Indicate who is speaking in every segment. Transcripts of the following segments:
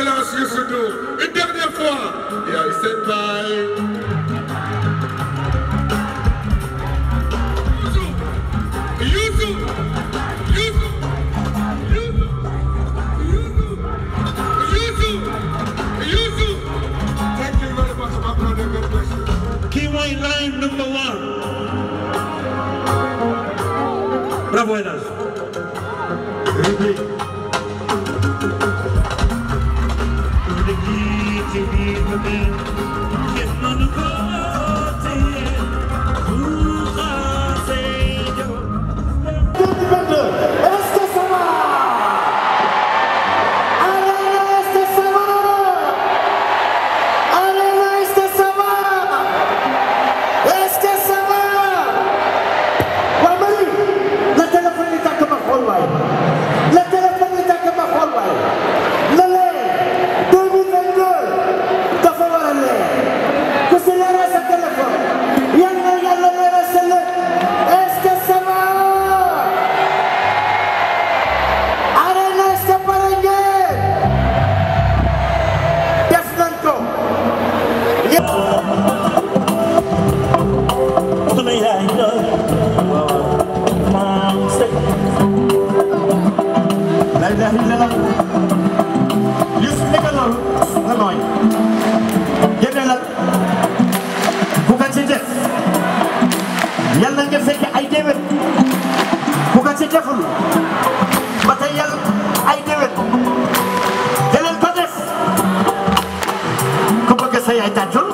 Speaker 1: Excellence Youssou Ndour une dernière fois yaay seen baay Youssou Youssou Kiway line number one. Bravo, Enas. ci biir ba biir yàlla nga fekk ay déwén bu ko ci deful ba tey yàlla ay déwén te leen ko def ku bëgg sa yaay tàccul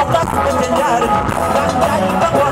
Speaker 1: Okas, Menjar, Bandai, Bangwa,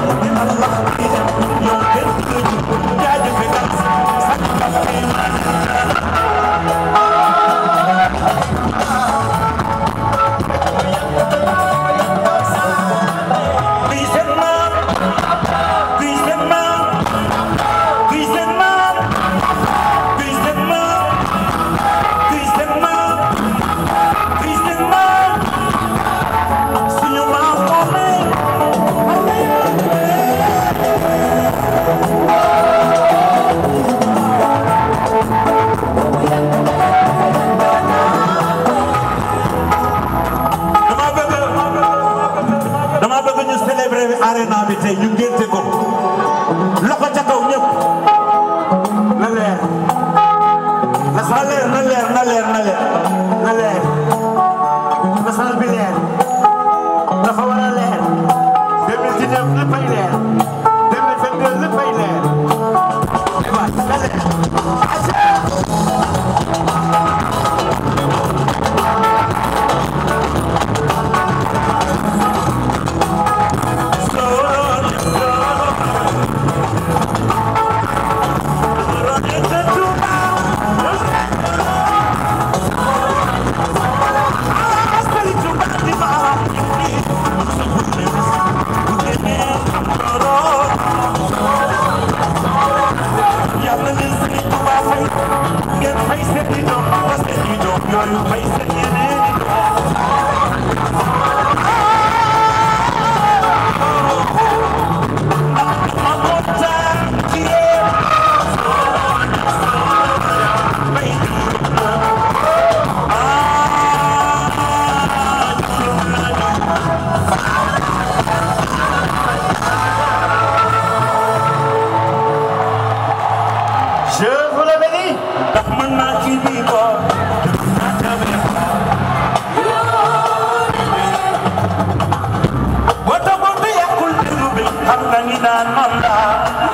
Speaker 1: message bi leer naan man laa